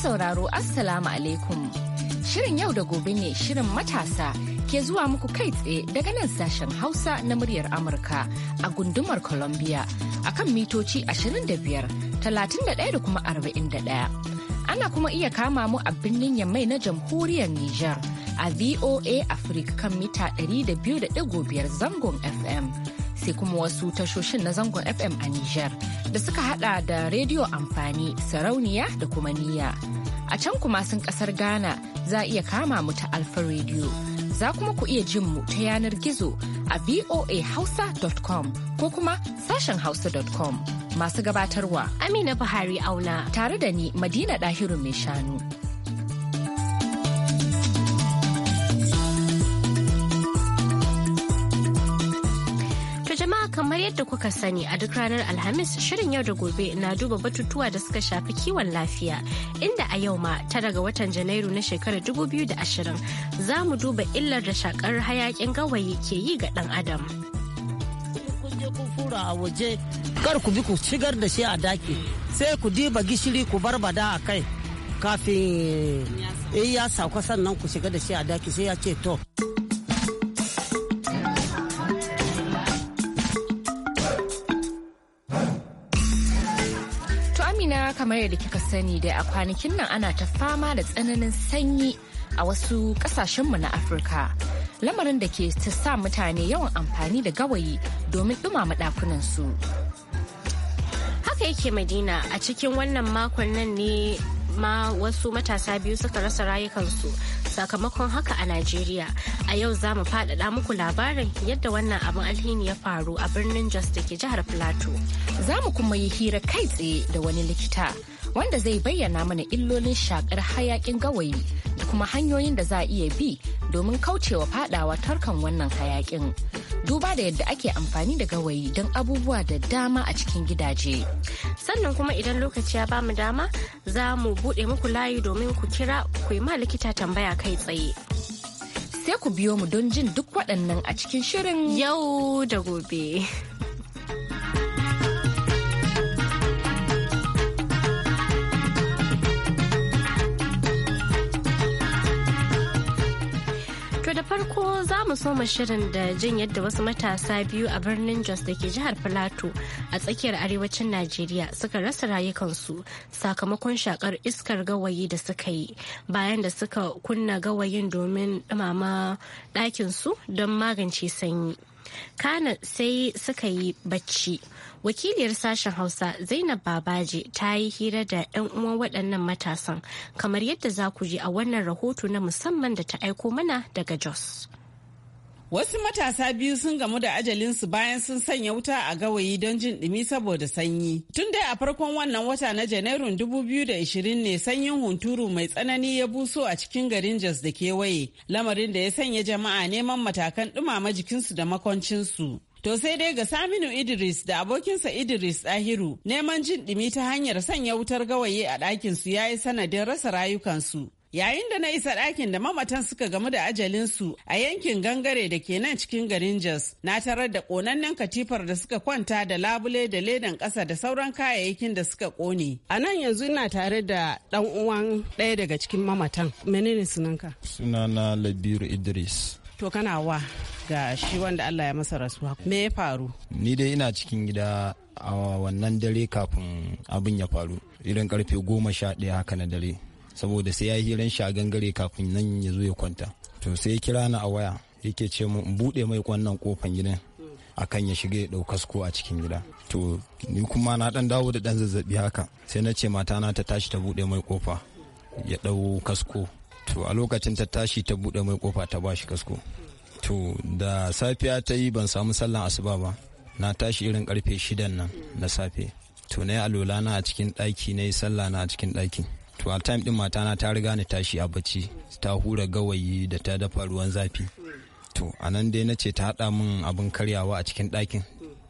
sauraro Assalamu alaikum. Shirin yau da gobe ne shirin matasa ke zuwa muku kai tsaye daga nan sashen Hausa na muryar Amurka a gundumar Columbia kan mitoci 25, 31 da kuma 41. Ana kuma iya kama mu a birnin Yammai na jamhuriyar Nijar a VOA Africa kan mita 200.5 zangon FM. ke kuma wasu tashoshin na zangon FM a Nijar da suka hada da rediyo amfani sarauniya da kuma niyya. A can kuma sun kasar Ghana za a iya kama mu ta Alfa Radio. Za kuma ku iya jin mu ta yanar gizo a voahausa.com ko kuma sashen hausa.com. Masu gabatarwa Amina Buhari Auna tare da ni Madina Dahiru mai shanu. yadda kuka sani a duk ranar Alhamis shirin yau da gobe na duba batutuwa da suka shafi kiwon lafiya inda a yau ma ta daga watan Janairu na shekarar 2020 za mu duba illar da shakar hayakin gawayi ke yi ga dan adam. a waje kar ku bi ku shigar da shi a daki sai ku diba gishiri ku barbada a kai kafin eh, ya sauka sannan ku shiga da shi a daki sai ya ce to. Amina kamar yadda kika sani da a kwanakin nan ana ta fama da tsananin sanyi a wasu kasashenmu na Afirka. Lamarin da ke ta sa mutane yawan amfani da gawayi domin dumama dakunansu. Haka yake Madina a cikin wannan makon nan ne ma wasu matasa biyu suka rasa rayukansu sakamakon haka a Najeriya. A yau za mu faɗaɗa muku labarin yadda wannan abin alhini ya faru a birnin Jos da ke jihar filato. Za mu kuma yi hira kai tsaye da wani likita wanda zai bayyana mana illolin shakar hayakin gawayi da kuma hanyoyin da za a iya bi domin kaucewa faɗawa tarkan wannan hayakin. duba da yadda ake amfani da gawayi don abubuwa da dama a cikin gidaje. Sannan kuma idan lokaci ya bamu dama za mu buɗe muku layi domin ku kira ku yi ma likita tambaya kai tsaye. Sai ku biyo mu don jin duk waɗannan a cikin shirin yau da gobe. za mu soma shirin da jin yadda wasu matasa biyu a birnin Jos da ke jihar Filato a tsakiyar arewacin Najeriya suka rasa rayukansu sakamakon shakar iskar gawayi da suka yi bayan da suka kunna gawayin domin ɗumama ɗakinsu don magance sanyi. Kana sai suka yi bacci. Wakiliyar sashen Hausa Zainab babaje ta yi hira da 'yan uwan waɗannan matasan kamar yadda za ku ji a wannan rahoto na musamman da ta aiko mana daga Jos. Wasu matasa biyu sun gamu da ajalinsu bayan sun sanya wuta a gawayi don jin ɗumi saboda sanyi. Tun dai a farkon wannan wata na Janairun 2020 ne sanyin hunturu mai tsanani ya buso a cikin garin Jos da kewaye, lamarin da ya sanya jama'a neman matakan dumama jikinsu da makoncinsu. To sai dai ga Saminu Idris da abokinsa Idris Dahiru neman jin ɗumi ta hanyar sanya wutar gawayi a ɗakinsu ya yi sanadin rasa rayukansu. Yayin da na isa ɗakin da mamatan suka gamu da ajalinsu a yankin gangare da ke nan cikin garin Jos, na tarar da ƙonannen katifar da suka kwanta da labule da ledan ƙasa da sauran kayayyakin da suka kone. A nan yanzu ina tare da ɗan uwan ɗaya daga cikin mamatan. Menene sunanka? Sunana Labiru Idris. To kana wa ga shi wanda Allah ya masa rasuwa. Me ya faru? Ni dai ina cikin gida a wannan dare kafin abin ya faru. Irin karfe goma sha ɗaya haka na dare. saboda sai ya yi hiran shi a gangare kafin nan ya zo ya kwanta to sai ya kira ni a waya yake ce mu in buɗe mai kwannan kofan gidan kan ya shiga ya dau kasko a cikin gida to ni kuma na ɗan dawo da ɗan zazzabi haka sai na ce mata na ta tashi ta buɗe mai kofa ya ɗau kasko to a lokacin ta tashi ta buɗe mai kofa ta bashi kasko to da safiya ta yi ban samu sallan asuba ba na tashi irin karfe shidan nan na safe to na yi alola na a cikin ɗaki na yi sallah na a cikin ɗaki to a time din matana ta riga ni tashi a bacci ta hura gawayi da ta dafa ruwan zafi to a nan dai na ce ta haɗa min abin karyawa a cikin ɗakin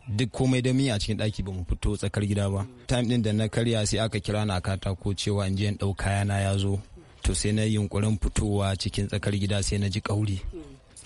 duk komai da miya a cikin ɗaki ba mu fito tsakar gida ba time din da na karya sai aka kira na katako cewa in je in ɗau kayana ya zo to sai na yunkurin fitowa cikin tsakar gida sai na ji kauri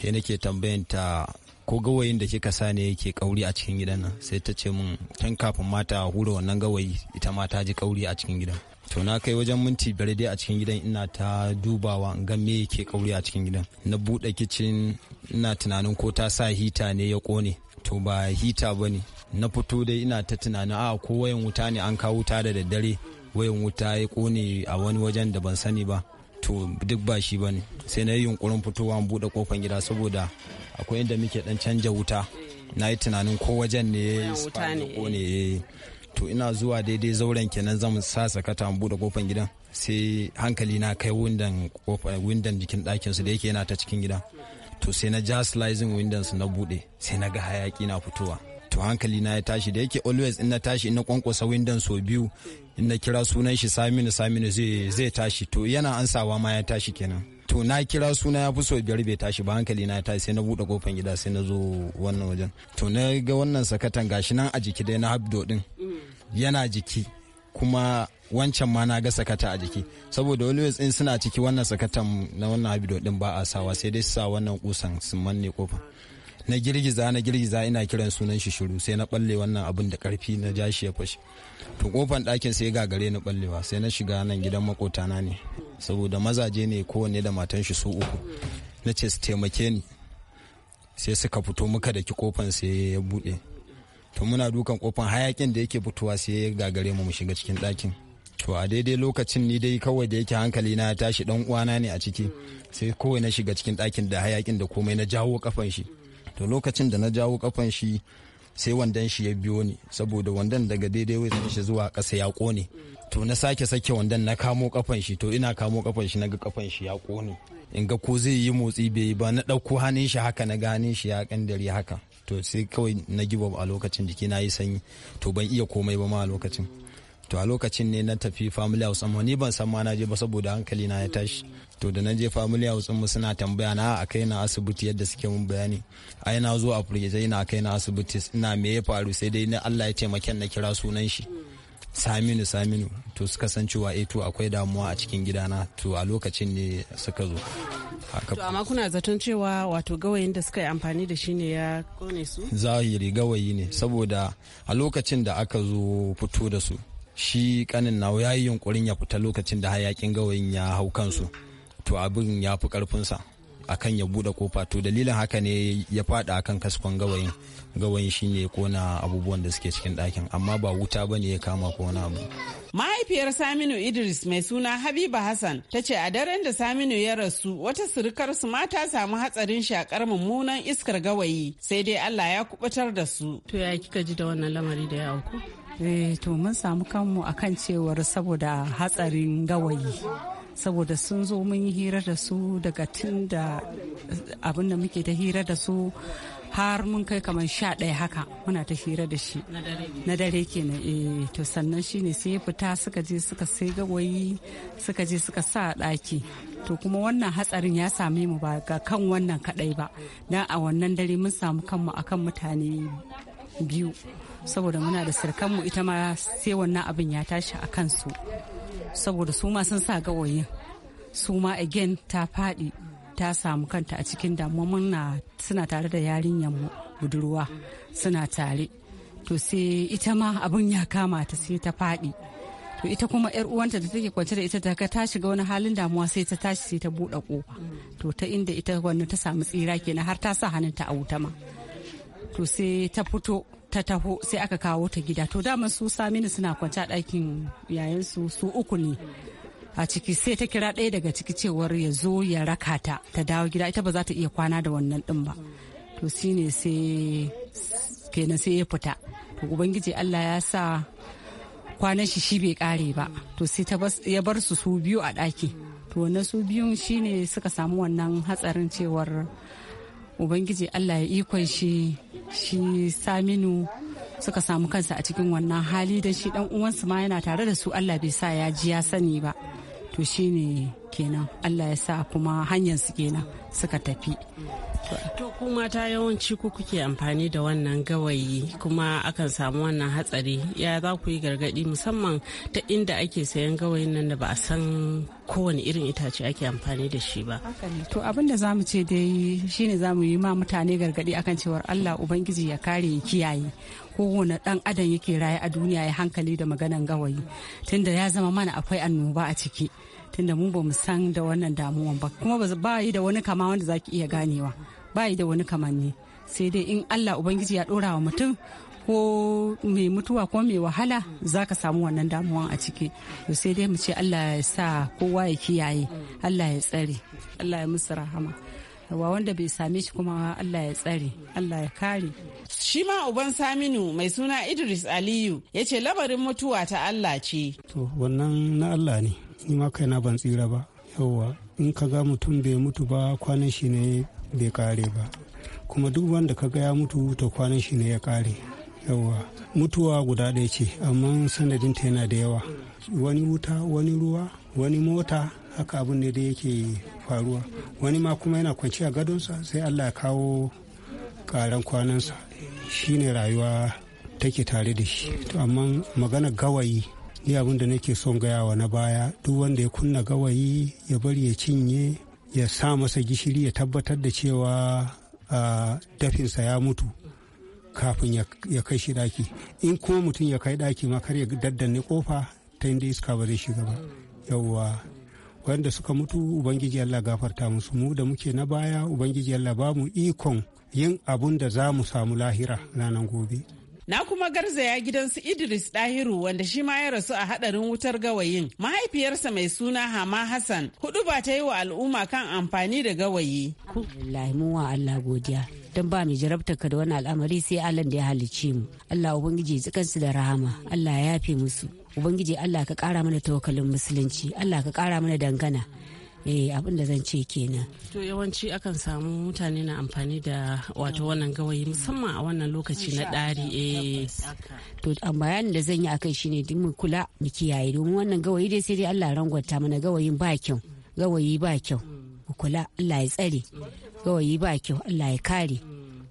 sai nake tambayan ta ko gawayin da kika sa ne yake kauri a cikin gidan nan sai ta ce min tun kafin mata hura wannan gawayi ita ma ta ji kauri a cikin gidan to na kai wajen minti biyar dai a cikin gidan ina ta dubawa in ga me yake kauri a cikin gidan na bude kicin ina tunanin ko ta sa hita ne ya kone to ba hita ba ne na fito dai ina ta tunanin a ko wayan wuta ne an kawo wuta da daddare wayan wuta ya kone a wani wajen da ban sani ba to duk ba shi ba ne sai na yi yunkurin fitowa in bude kofan gida saboda akwai inda muke dan canja wuta na yi tunanin ko wajen ne ya kone eh. eh. to ina zuwa daidai zauren kenan zan sa sakata mu buɗe kofan gidan sai hankali na kai windan jikin ɗakin su da yake yana ta cikin gida to sai na ja slicing su na buɗe sai na ga hayaki na fitowa to hankali na ya tashi da yake always in na tashi ina na kwankwasa windon sau biyu ina na kira sunan shi saminu saminu zai tashi to yana ansawa ma ya tashi kenan to na kira suna ya fi so biyar bai tashi ba hankali na tashi sai na buɗe kofan gida sai na zo wannan wajen to na ga wannan sakatan gashi nan a jiki dai na habdo din yana jiki kuma wancan ma na ga sakata a jiki saboda always in suna ciki wannan sakatan na wannan habdo din ba a sawa sai dai sa wannan kusan sun manne kofa. na girgiza na girgiza ina kiran sunan shi shiru sai na balle wannan abin da karfi na ja ya fashe to kofan ɗakin sai ga gare na ballewa sai na shiga nan gidan makotana ne saboda mazaje ne kowanne da matan shi su uku na ce su taimake ni sai suka fito muka da ki kofan sai ya bude to muna dukan kofan hayakin da yake fitowa sai ya gagare mu mu shiga cikin ɗakin to a daidai lokacin ni dai kawai da yake hankali na tashi dan uwana ne a ciki sai kowai na shiga cikin ɗakin da hayakin da komai na jawo kafan shi to lokacin da na jawo kafan shi sai wandan shi ya biyo ni saboda wandan daga daidai wai shi zuwa kasa ya kone. to na sake sake wandan na kamo kafan shi to ina kamo kafan shi na ga kafan shi ya kone in ga ko zai yi motsi bai yi ba na ɗauko hannun shi haka na gane shi ya kandare haka to sai kawai na giba a lokacin jiki na yi sanyi to ban iya komai ba ma a lokacin to a lokacin ne na tafi family house amma ni ban san ma na je ba saboda hankali na ya tashi to da na je family house mu suna tambaya na a kai na asibiti yadda suke mun bayani ai na zo a furgita ina kai na asibiti ina me ya faru sai dai na Allah ya taimake na kira sunan shi saminu saminu to suka san cewa eh to akwai damuwa a cikin gidana to a lokacin ne suka zo to amma kuna zaton cewa wato gawayin da suka yi amfani da shi ne ya kone su zahiri gawayi ne saboda a lokacin da aka zo fito da su shi kanin nawa yayi yi yunkurin ya fita lokacin da hayakin gawayin ya hau kansu to abin ya fi sa akan ya bude kofa to dalilin haka ne ya fada akan kaskon gawayin gawayin shine ne kona abubuwan da suke cikin ɗakin amma ba wuta ba ne ya kama ko abu mahaifiyar saminu idris mai suna habiba hassan ta ce a daren da saminu ya rasu wata surukar su ma ta samu hatsarin shakar mummunan iskar gawayi sai dai allah ya kubutar da su to ya kika ji da wannan lamari da ya auku eh, to mun samu kanmu akan cewar saboda hatsarin gawayi saboda sun zo mun yi hira da su daga tun da abin da muke ta hira da su har mun kai kamar sha ɗaya haka muna ta hira da shi na dare kenan eh to sannan shi ne sai fita suka je suka sai gawayi suka je suka sa ɗaki to kuma wannan hatsarin ya same mu ba ga kan wannan kaɗai ba dan a wannan dare mun samu kanmu akan mutane biyu saboda muna da sirkanmu ita ma sai wannan abin ya tashi a kansu saboda su ma sun sa gawayin su ma again ta faɗi ta samu kanta a cikin damuwa muna suna tare da yarinyar mu budurwa suna tare to sai ita ma abin ya kama ta sai ta faɗi to ita kuma yar uwanta da take kwance da ita ta ga tashi shiga wani halin damuwa sai ta tashi sai ta buɗe kofa to ta inda ita wannan ta samu tsira kenan har ta sa hannunta a wuta ma to sai ta fito ta taho sai aka kawo ta gida to daman su saminu suna kwance a ɗakin yayansu su uku ne a ciki sai ta kira ɗaya daga ciki cewar ya zo ya raka ta ta dawo gida ita ba za ta iya kwana da wannan ɗin ba to shine sai kenan sai ya fita to ubangiji allah ya sa kwanan shi shi bai kare ba to sai ya bar su su biyu a ɗaki to wannan su biyun shi ne suka samu wannan hatsarin cewar ubangiji allah ya ikon shi shi saminu suka samu kansa a cikin wannan hali don shi dan uwansu ma yana tare da su allah bai sa ya ji ya sani ba to shine kenan allah ya sa kuma hanyar su kenan suka tafi to kuma ta yawanci ku kuke amfani da wannan gawayi kuma akan samu wannan hatsari ya za ku yi gargadi musamman ta inda ake sayan gawayin nan da ba a san kowane irin itace ake amfani da shi ba to abin da zamu ce dai shine zamu yi ma mutane gargadi akan cewar Allah ubangiji ya kare ya kiyaye kowane dan adam yake raye a duniya ya hankali da maganan gawayi tunda ya zama mana akwai annoba a ciki tunda mu ba mu san da wannan damuwan ba kuma ba yi da wani kama wanda zaki iya ganewa ba yi da wani kamanni sai dai in Allah ubangiji ya dora wa mutum ko mai mutuwa ko mai wahala za ka samu wannan damuwan a ciki to sai dai mu ce Allah ya sa kowa ya kiyaye Allah ya tsare Allah ya musu rahama wa wanda bai same shi kuma Allah ya tsare Allah ya kare shi ma uban saminu mai suna idris aliyu ya ce labarin mutuwa ta Allah ce to wannan na Allah ne ni ma kaina ban tsira ba yauwa in ka ga mutum bai mutu ba kwanan shi ne bai kare ba kuma duk wanda ka ga ya mutu to kwanan shi ne ya kare yauwa mutuwa guda ɗaya ce amma sanadinta yana da yawa wani wuta wani ruwa wani mota haka abin ne da yake faruwa wani ma kuma yana kwanci a gadonsa sai allah ya kawo karan kwanansa shine rayuwa take tare da shi to amma magana gawayi ni abin da nake son gayawa na baya duk wanda ya kunna gawayi ya bari ya cinye ya sa masa gishiri ya tabbatar da cewa dafinsa ya mutu kafin ya kai shi daki in kuma mutum ya kai daki ma kar ya daddanne kofa ta inda iska ba zai shiga ba yauwa wanda suka mutu ubangiji allah gafarta musu mu da muke na baya ubangiji allah ba mu ikon yin abun da za mu samu lahira ranar gobe Na kuma garzaya gidansu Idris Dahiru wanda shi ma ya rasu a hadarin wutar gawayin. Mahaifiyarsa mai suna Hama Hassan hudu ba ta yi wa al'umma kan amfani da gawayi. Alhamdulillah mun wa Allah godiya. don ba mai jarabta ka da wani al'amari sai Allah da ya halicce mu. Allah Ubangiji tsikansu da rahama. Allah ya yafe musu. Ubangiji Allah ka kara mana tawakkalin musulunci. Allah ka kara mana dangana. eh abin da zan ce kenan to yawanci akan samu mutane na amfani da wato wannan gawayi musamman a wannan lokaci na ɗari eh to bayanin da zan yi akai shine duk mu kula mu kiyaye domin wannan gawayi dai sai dai Allah rangwata mana gawayin ba kyau gawayi ba kyau mu kula Allah ya tsare gawayi ba kyau Allah ya kare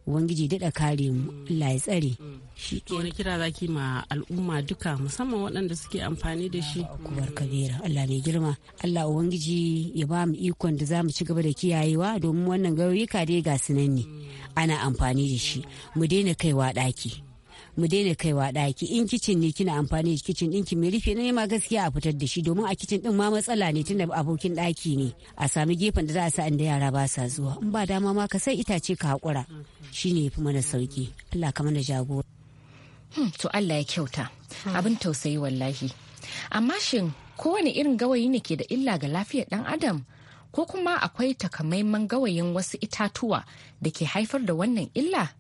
ubangiji daɗa kare mu Allah ya tsare shi ke wani kira zaki ma al'umma duka musamman waɗanda suke amfani da shi kubar kabira Allah mai girma Allah ubangiji ya ba mu ikon da za mu ci gaba da kiyayewa domin wannan gauyuka dai ga sunan ne ana amfani da shi mu daina kaiwa ɗaki mu daina kaiwa ɗaki in kicin ne kina amfani da kicin ki mai rufe na ma gaskiya a fitar da shi domin a kicin din ma matsala ne tunda abokin ɗaki ne a sami gefen da za a sa inda yara ba sa zuwa in ba dama ma ka sai itace ka haƙura shine yafi mana sauki Allah ka mana jagora. Hmm, to Allah ya kyauta hmm. abin tausayi wallahi amma shin kowane irin gawayi ne ke da illa ga lafiyar ɗan adam ko kuma akwai takamaiman gawayin wasu itatuwa da ke haifar da wannan illa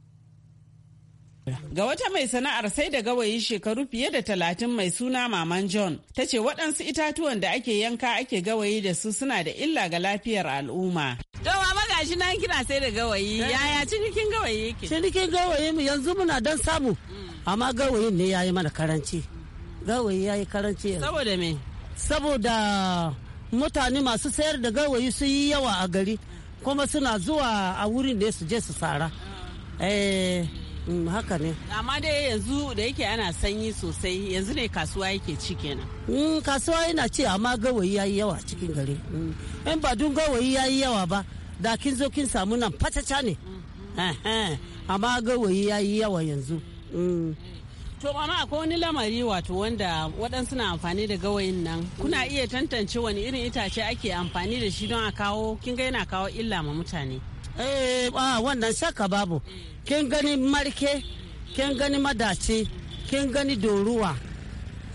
Ga wata mai sana'ar sai da gawayi shekaru fiye da talatin mai suna Maman John, ta ce waɗansu itatuwan da ake yanka ake gawayi da su suna da illa ga lafiyar al'umma. Dawa magashi na nan kina sai da gawayi, yaya cinikin gawayi yake? Cinikin gawayi mu yanzu muna don samu, amma gawayin ne yayi mana karanci. Gawayi yayi karanci. Saboda me? Saboda mutane masu sayar da gawayi su yi yawa a gari, kuma suna zuwa a wurin da su je su sara. Eh, Mm, haka ne amma dai yanzu da yake ana sanyi sosai yanzu ne kasuwa yake ci kenan mm, kasuwa yana ci amma gawayi yayi yawa cikin gari mm, in ba dun gawayi yayi yawa ba da kin zo kin samu nan fatata ne mm-hmm. amma gawayi yayi yawa yanzu mm. To amma akwai wani lamari wato wanda waɗansu na amfani da gawayin nan kuna iya tantance wani irin itace ake amfani da shi don a kawo kin ga yana kawo illa ma mutane. eh wannan saka babu kin gani marke kin gani madaci kin gani doruwa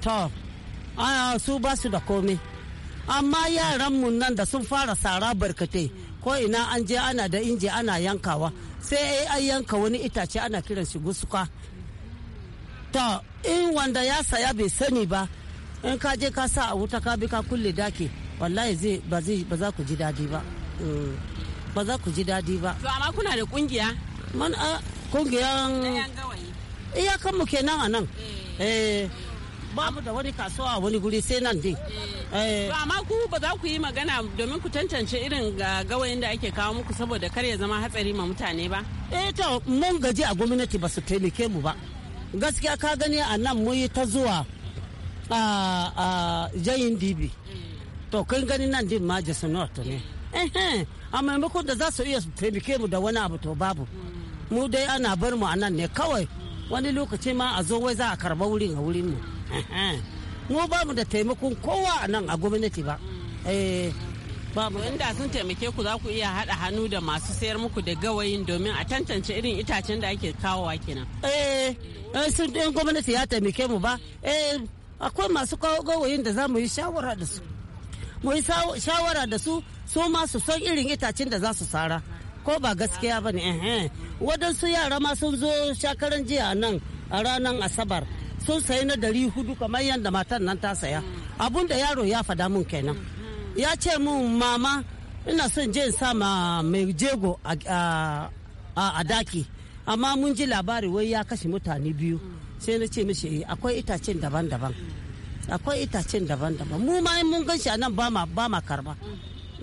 to su ba su da komai amma yaranmu nan da sun fara sara barkatai ko ina an je ana da inji ana yankawa sai an yanka wani itace ana kiran shi gusuka to in wanda ya saya bai sani ba in ka je ka sa a wuta ka bi ka kulle daki wallahi ba za ku ji daɗi ba mm. ba za ku ji daɗi ba. To amma kuna da kungiya? Man a kungiyan. Iyakan mu kenan a nan. Eh. eh Babu da wani kasuwa a wani guri sai nan din. Eh. Eh. To amma ku ba za ku yi magana domin ku tantance irin gawayin da ake kawo muku saboda kar ya zama hatsari ma mutane ba? Eh to mun gaji a gwamnati ba su taimake mu ba. Gaskiya ka gani a nan mun yi ta zuwa a jayin dibi. To kun gani nan din ma Jason ne. a maimakon da za su iya taimake mu da wani abu to babu mu dai ana bar mu a nan ne kawai wani lokaci ma a zo wai za a karba wurin a wurin mu mu ba mu da taimakon kowa a nan a gwamnati ba eh, babu inda sun taimake ku za ku iya haɗa hannu da masu sayar muku da gawayin domin a tantance irin itacen da ake kawowa kenan eh sun gwamnati ya taimake mu ba eh akwai masu kawo gawayin da za mu yi shawara da su mu yi shawara da su su ma su san irin itacen da za su sara ko ba gaskiya ba ne waɗansu yara ma sun zo shakaran jiya nan a ranar asabar sun sayi na dari hudu kamar yadda matan nan ta saya abun da yaro ya fada mun kenan ya ce mun mama ina son je sa ma mai jego a daki amma mun ji labari wai ya kashe mutane biyu sai na ce mishi eh, akwai itacen daban-daban akwai itacen daban-daban mu ma mun gan shi anan ba ma ba ma karba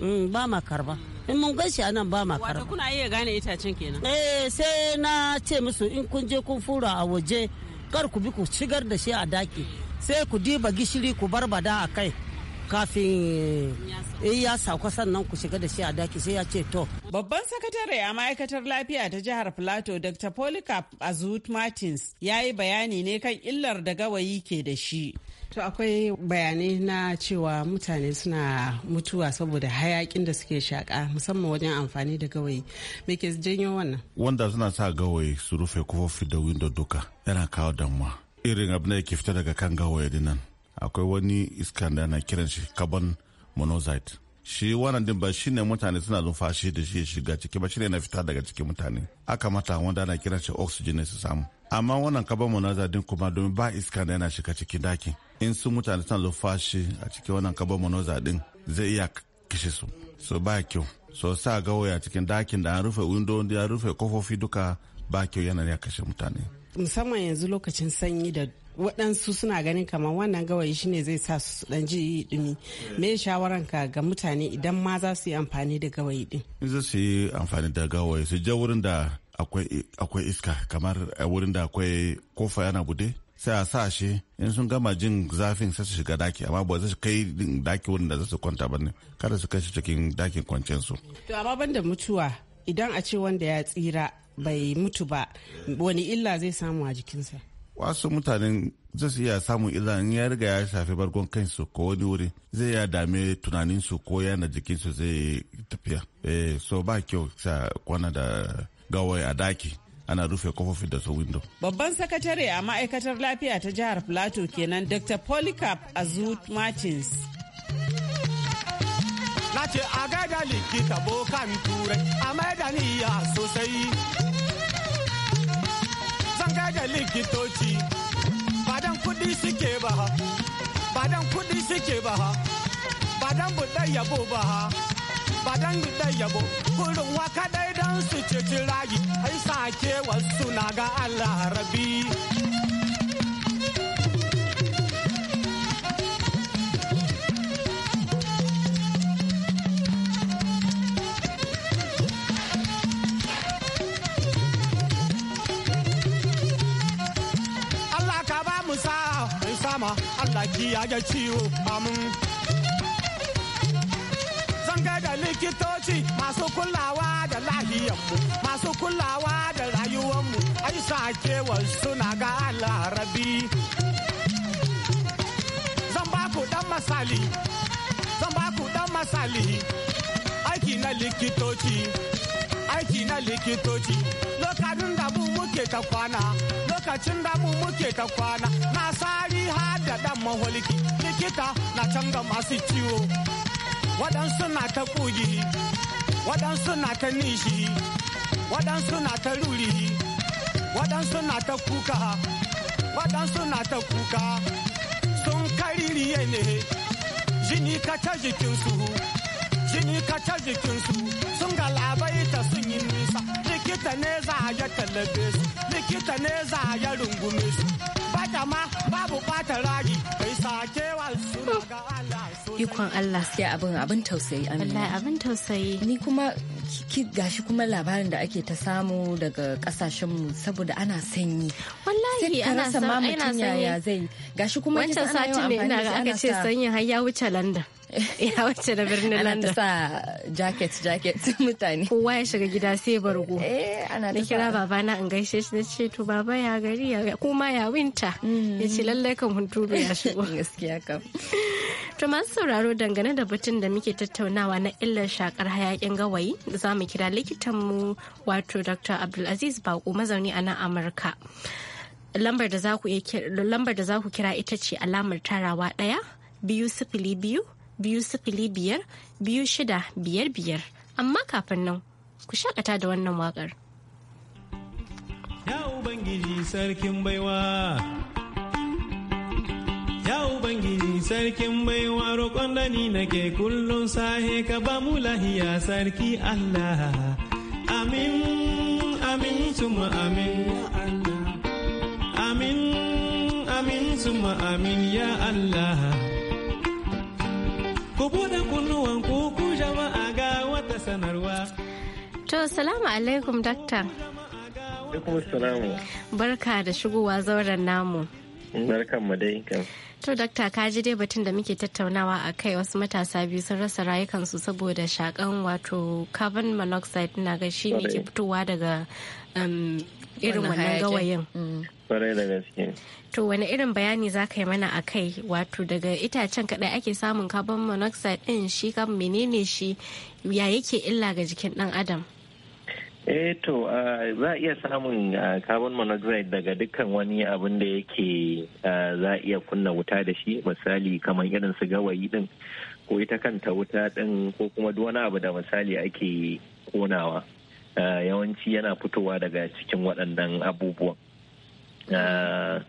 mm, ba ma karba in mun gan shi anan ba ma karba wato kuna iya gane itacen kenan eh sai na ce musu in kun je kun fura a waje kar ku bi ku shigar da shi a daki sai ku diba gishiri ku barbada a kai kafin ya sauka sannan ku shiga da shi a daki sai ya ce to. Babban sakatare a ma'aikatar lafiya ta jihar Filato Dr. Polycarp Azut Martins ya yi bayani ne kan illar da gawayi ke da shi. To akwai bayanai na cewa mutane suna mutuwa saboda hayakin da suke shaka musamman wajen amfani da gawayi. Me ke janyo wannan? Wanda suna sa gawayi su rufe kofofi da windo duka yana kawo damuwa. Irin abin da yake fita daga kan gawayi nan. Akwai wani iska da ana kiran shi carbon monoxide. Shi wannan din ba shine mutane suna numfashi da shi shiga ciki ba shine na fita daga cikin mutane. Aka mata wanda ana kiran shi oxygen su samu. amma wannan kaba din kuma domin ba iska da yana shiga cikin dakin in sun mutane suna lufashi a cikin wannan kaba monazadin zai iya kashe su so ba kyau so sa waya cikin dakin da an rufe windo da rufe kofofi duka ba kyau yana ya kashe mutane musamman yanzu lokacin sanyi da waɗansu suna ganin kamar wannan gawayi shine zai sa su dan ji dumi me shawaran ka ga mutane idan ma za su yi amfani da gawayi din in za su yi amfani da gawayi su je wurin da akwai iska kamar a eh, wurin da akwai kofa yana bude sai a sa shi in sun gama jin zafin sai su shiga daki amma ba su kai daki wurin da za su kwanta ba ne kada su kai su cikin dakin kwancen su. to amma ban da mutuwa idan a ce wanda ya tsira bai mutu ba wani illa zai samu a jikinsa. wasu mutanen zai su iya samun illa in ya riga ya shafi bargon kansu ko wani wuri zai ya dame tunaninsu ko yana jikinsu zai tafiya eh, so ba kyau sa kwana da gawai a daki ana rufe kofofi da su window. Babban sakatare a ma'aikatar lafiya ta jihar Plateau kenan Dr. Polycarp Azut Martins. Na ce a gada likita bokan turai a maida niyya sosai. Zan gada likitoci badan kudi suke ba ha, badan kudi suke ba ha, badan buɗe yabo ba ha. ba dan da yabo gurin wa dai dan su ceci rayi ai sake wasu na ga Allah rabi Allah ka ba mu sa sama Allah ki ya ciwo amin mun gaida likitoci masu kulawa da lahiyarmu masu kulawa da rayuwarmu ai sakewar suna ga larabi zan ba ku dan masali zan ba ku dan masali aiki na likitoci aiki na likitoci lokacin da mu muke ta kwana lokacin da mu muke ta kwana na sari har da dan maholiki likita na canza masu ciwo waɗansu na ta ƙugi waɗansu na ta nishi waɗansu na ta ruri waɗansu na ta kuka waɗansu na ta kuka sun kaririye ne jini ka ta jikinsu jini ka ta jikinsu sun galaba likita ne za a ya talabe likita ne za a yi rungume su bata ma babu bata rayu kai sake wasu ga Allah ikon Allah ya abin abin tausayi amina wallahi abin tausayi ni kuma ki gashi kuma labarin da ake ta samu daga kasashen mu saboda ana sanyi wallahi ana sanyi ana sanyi gashi kuma wancan satin ne ina ga aka ce sanyi har ya wuce London ya wacce da birnin London. Ana sa jacket jacket mutane. Kowa ya shiga gida sai bargo. Eh ana da kira baba na in gaishe shi ce to baba ya gari ya kuma ya winta. Mm. Ya ce lallai kan hunturu ya shigo. Gaskiya kam. To masu sauraro dangane da batun da muke tattaunawa na illar shakar hayakin gawayi za mu kira likitanmu wato Dr. Abdulaziz Bako mazauni a nan Amurka. Lambar da za ku kira ita ce alamar tarawa ɗaya biyu sifili biyu biyu sifili biyar biyu shida biyar biyar amma kafin nan ku shakata da wannan wakar. Ya Ubangiji sarkin baiwa Ya Ubangiji sarkin baiwa roƙon da ni nake kullum sahe ka ba mu lahiya sarki Allah. Amin, amin, tuma amin, ya Allah. Amin, amin, tuma amin, ya Allah. Ku buɗe kunnuwan ku jama'a ga wata sanarwa. To, salamu alaikum, dakta. Alaikum salamu. Barka da shigowa zauren namu. Barkan mu dai kan. To, dakta, ka ji dai batun da muke tattaunawa a kai wasu matasa biyu sun rasa rayukansu saboda shakan wato carbon monoxide na ga shi ne ke fitowa daga um, irin wannan gawayin mm. kwarai da gaske to wani irin bayani za ka yi mana a kai wato daga itacen kaɗai ake samun carbon monoxide ɗin shi kan menene shi ya yake illa ga jikin ɗan adam eh to za a iya samun carbon monoxide daga dukkan wani abin da yake za a iya kunna wuta da shi misali kamar irin su gawayi ɗin ko ita kanta wuta ɗin ko kuma duk wani abu da misali ake konawa Eh, yawanci yana fitowa daga cikin waɗannan abubuwan eh,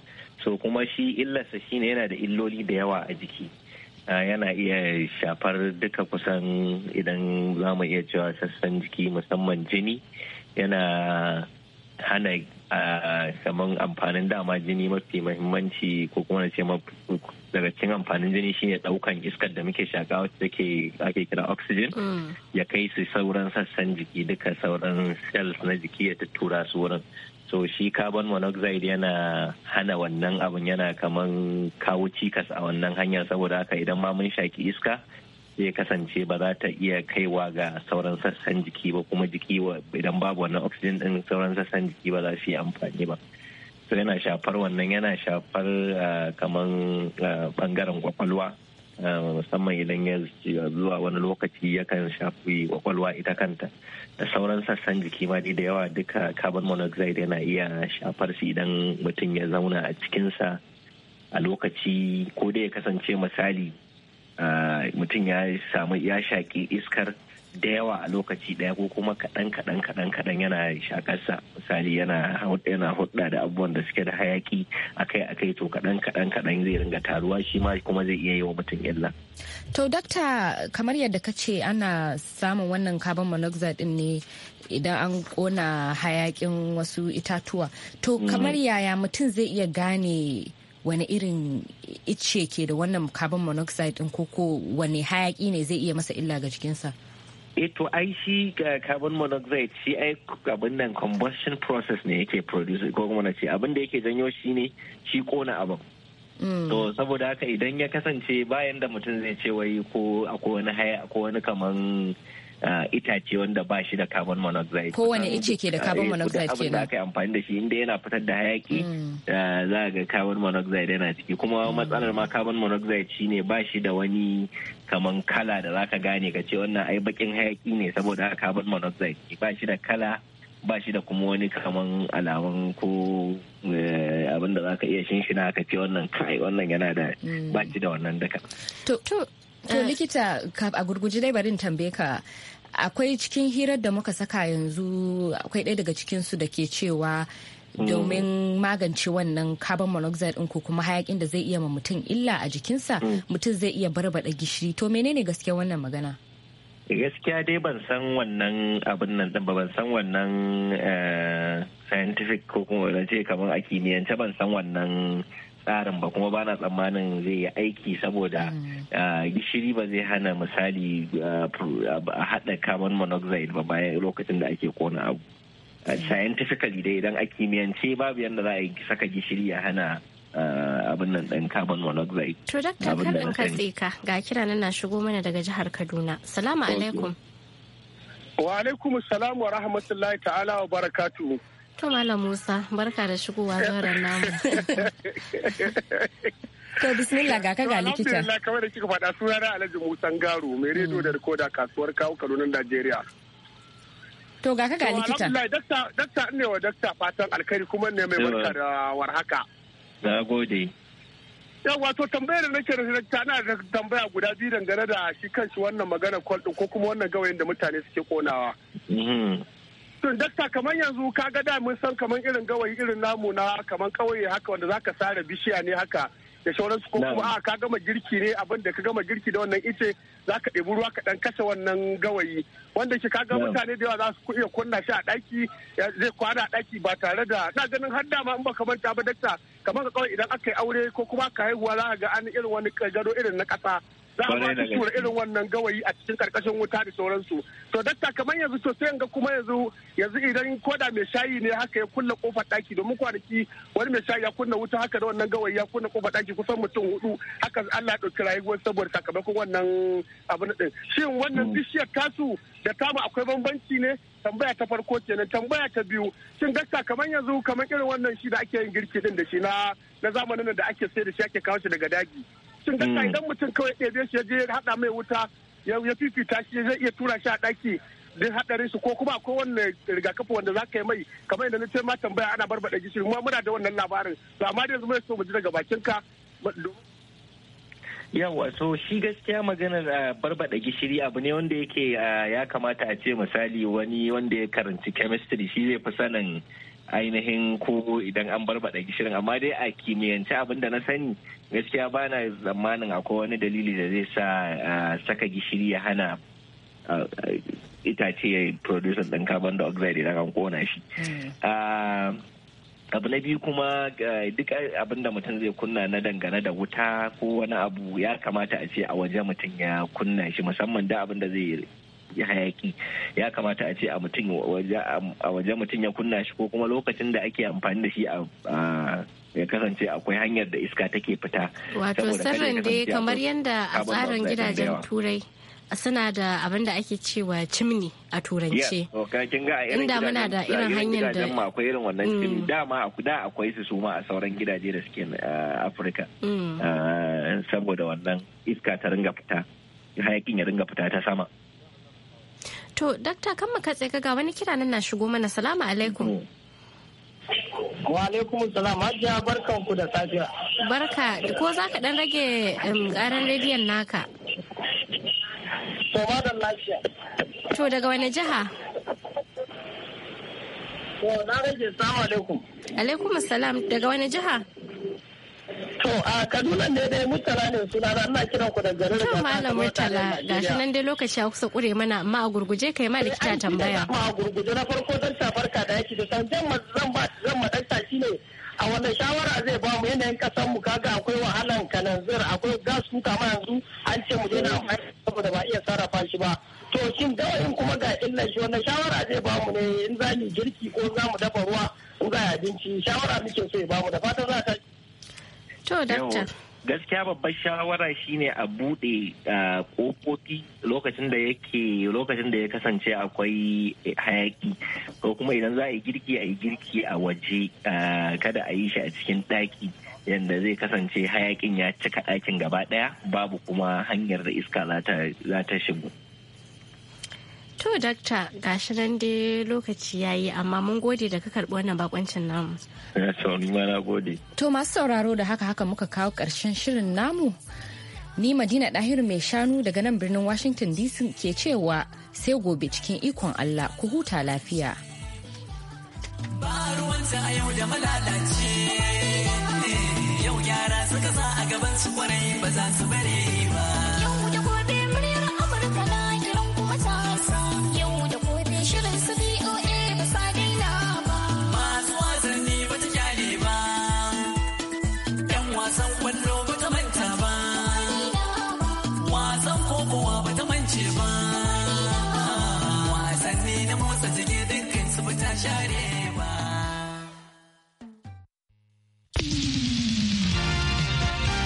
so kuma shi illarsa shine yana da illoli da yawa a jiki eh, yana iya shafar duka kusan idan za mu iya cewa sassan jiki musamman jini yana hana saman amfanin dama jini mafi mahimmanci ko kuma na ce daga cikin amfanin jini shine daukan iskar da muke shaka wacce take ake kira oxygen mm. ya kai su sauran sassan jiki duka sauran cells na jiki ya tuttura su wurin so shi carbon monoxide yana hana wannan abin yana kaman kawo cikas a wannan hanyar saboda haka idan ma mun shaki iska sai kasance ba za ta iya kaiwa ga sauran sassan jiki ba kuma jiki idan babu wannan oxygen din sauran sassan jiki ba za su yi amfani ba so yana shafar wannan yana shafar ah, kamar bangaren ah, kwakwalwa ah, musamman idan ya zuwa wani lokaci yakan shafi kwakwalwa ita kanta da sauran sassan jiki ma da yawa duka carbon monoxide yana iya shafar su idan mutum ya zauna a cikinsa a lokaci ko dai ya kasance misali Eh, mutum ya samu ya shaƙi iskar da yawa a lokaci ɗaya ko kuma kaɗan kaɗan kaɗan kaɗan yana shakarsa misali yana yana hudda da abubuwan da suke da hayaki akai akai to kaɗan kaɗan kaɗan zai ringa taruwa shi ma kuma zai iya yi wa mutum illa. To dakta kamar yadda ka ce ana samun wannan carbon monoxide din ne idan an kona hayakin wasu itatuwa to mm. kamar yaya mutum zai iya gane wani irin ice ke da wannan carbon monoxide din koko wani hayaki ne zai iya masa illa ga jikinsa eh, to ai shi ga eh, carbon monoxide shi ai abin nan combustion process ne yake produce ko kuma na ce abin da yake janyo shi ne shi kona abin mm. to saboda haka idan ya kasance bayan da mutum zai ce wai ko akwai wani haya ko wani kaman Uh, itace wanda ba shi da carbon monoxide kowane ice ke da carbon eh, monoxide kenan abin da aka amfani da shi inda yana fitar da hayaki hmm. uh, za ga carbon monoxide yana ciki kuma hmm. matsalar ma carbon monoxide shine ba shi da wani kaman kala da zaka gane ka ce wannan ai bakin hayaki ne saboda carbon monoxide ba shi da kala ba shi da kuma wani kaman alamun ko eh, abin da zaka iya shinshina ka ce wannan kai wannan yana da hmm. ba shi da wannan daka. to to eh. likita a gurguji dai barin tambaye ka akwai cikin hirar da muka saka yanzu akwai ɗaya daga cikinsu da ke cewa hmm. domin magance wannan carbon monoxide ɗin ko kuma hayakin da zai iya ma mutum illa a jikinsa hmm. mutum zai iya barbaɗa gishiri to menene gaskiya wannan magana gaskiya dai ban san wannan abin nan ba ban san wannan eh, scientific ko kuma ce kamar a kimiyyance ban san wannan tsarin ba kuma bana tsammanin zai yi aiki saboda mm. gishiri ba zai hana misali hada carbon monoxide ba bayan lokacin da ake kona abu scientifically dai idan a kimiyance babu yadda za a saka gishiri ya hana abin nan ɗan carbon monoxide. To dakta kan ɗin ka ka ga kira nan na shigo mana daga jihar Kaduna. Salamu alaikum. Wa alaikum salam wa rahmatullahi ta'ala wa barakatuhu. To Malam Musa, barka da shigowa zuwa namu. To bismillah ga kaga likita. Alhamdulillah kamar da kika faɗa suna na Alhaji Musa Garu, mai hmm. rediyo da rikoda kasuwar kawo kanunan Najeriya. To ga kaga likita. Alhamdulillah dakta ne wa dakta fatan alkhairi kuma ne mai barka da warhaka. Na gode. Yawwa to tambayar da nake da dakta na da tambaya guda biyu dangane da shi kanshi wannan magana kwal ko kuma wannan gawayin da mutane suke konawa. Mhm. To dakta kamar yanzu ka ga da mun san kamar irin gawayi irin namu na kamar kauye haka wanda zaka sare bishiya ne haka da sauransu ko kuma a ka gama girki ne abin da ka gama girki da wannan ice zaka ɗebi ruwa ka dan kashe wannan gawayi wanda ke ka ga mutane da yawa za su iya kunna shi a ɗaki zai kwana a ɗaki ba tare da na ganin har dama in ba kamar manta ba dakta kamar ka kawai idan aka yi aure ko kuma ka haihuwa za ka ga an irin wani gado irin na ƙasa za a ba tura irin wannan gawayi a cikin karkashin wuta da sauransu to dakta kamar yanzu to sai ga kuma yanzu yanzu idan koda mai shayi ne haka ya kunna kofar daki domin kwanaki wani mai shayi ya kunna wuta haka da wannan gawayi ya kunna kofar daki kusan mutum hudu haka Allah ya dauki rayuwar saboda sakamakon wannan abin din shin wannan mm. bishiyar tasu da tamu akwai bambanci ne tambaya ta farko kenan tambaya ta biyu shin dakta kamar yanzu kamar irin wannan shi da ake yin girki din da shi na na zamanin da ake sai da shi ake kawo shi daga daji kin ga mm. idan mutum kawai ɗebe shi ya je hada mai wuta ya fifita shi zai iya tura shi a daki din haɗarin su ko kuma akwai wannan rigakafi wanda za ka yi mai kamar yadda na ce ma tambaya ana barbaɗa gishiri kuma muna da wannan labarin to amma da yanzu mai so mu ji daga bakin ka yawa so shi gaskiya maganar ah, barbada gishiri abu ne wanda yake ah, ya kamata a ce misali wani wanda ya karanci chemistry shi zai fi sanin ainihin ko idan an barbada gishirin amma dai a kimiyyance abin da na sani gaskiya ba na tsammanin akwai wani dalili da zai sa ah, saka gishiri ya hana ah, itace ya producer ɗin carbon dioxide da kan kona shi hmm. ah, abu na biyu kuma duk abin da mutum zai kunna na dangane da wuta ko wani abu ya kamata a ce a waje mutum ya kunna shi musamman da abin da zai hayaki ya kamata a ce a waje mutum ya kunna shi ko kuma lokacin da ake amfani da shi a ya kasance akwai hanyar da iska take fita wato sirrin da kamar yadda a tsarin gidajen turai suna da abin da ake cewa cimni a turance inda muna da irin hanyar da akwai irin wannan cimni mm. dama da akwai su suma a sauran gidaje da suke eh, afirka mm. eh, saboda wannan iska ta ringa fita hayakin ya ringa fita ta sama to dakta kan mu katse ga wani kira nan na shigo mana salamu alaikum mm. Wa alaikum salam hajiya barkan ku da safiya. Barka ko za ka dan rage karan rediyon naka? To da lafiya. To daga wani jiha? To na rage salamu alaikum. Alaikum salam daga wani jiha? To a Kaduna ne dai Murtala ne suna na ina kiran ku da garin To Malam Murtala gashi nan dai lokaci ya kusa kure mana amma a gurguje kai ma likita tambaya. Amma a gurguje na farko ta tafarka da yake da san zan zan ba zan madanta shine a wannan shawara zai ba mu yanayin kasan mu kaga akwai wahalan kananzir akwai gas kuka ma yanzu an ce mu daina amfani saboda ba iya sarrafa shi ba. To shin gawayin kuma ga illan shi wannan shawara zai ba mu ne in za mu girki ko za mu dafa ruwa ko ga abinci shawara muke so ya ba mu da fata za ta To, gaskiya babbar shawara shine a buɗe kofofi uh, lokacin da yake lokacin da ya kasance akwai hayaki ko kuma idan za a yi girki a yi girki a waje uh, kada a yi shi a cikin ɗaki yadda zai kasance hayakin ya cika ɗakin gaba ɗaya babu kuma hanyar da iska za ta shigo. To dakta gashi nan dai lokaci ya yi amma mun gode da ka karɓi wannan bakoncin namu. Ya eh, sauri na gode. To masu sauraro da haka haka muka kawo ƙarshen shirin namu. Ni Madina Ɗahiru mai shanu daga nan birnin Washington DC ke cewa sai gobe cikin ikon Allah ku huta lafiya. Ba ruwanta a yau da malalace, eh, yau gyara suka za a gaban su kwarai ba za su bare.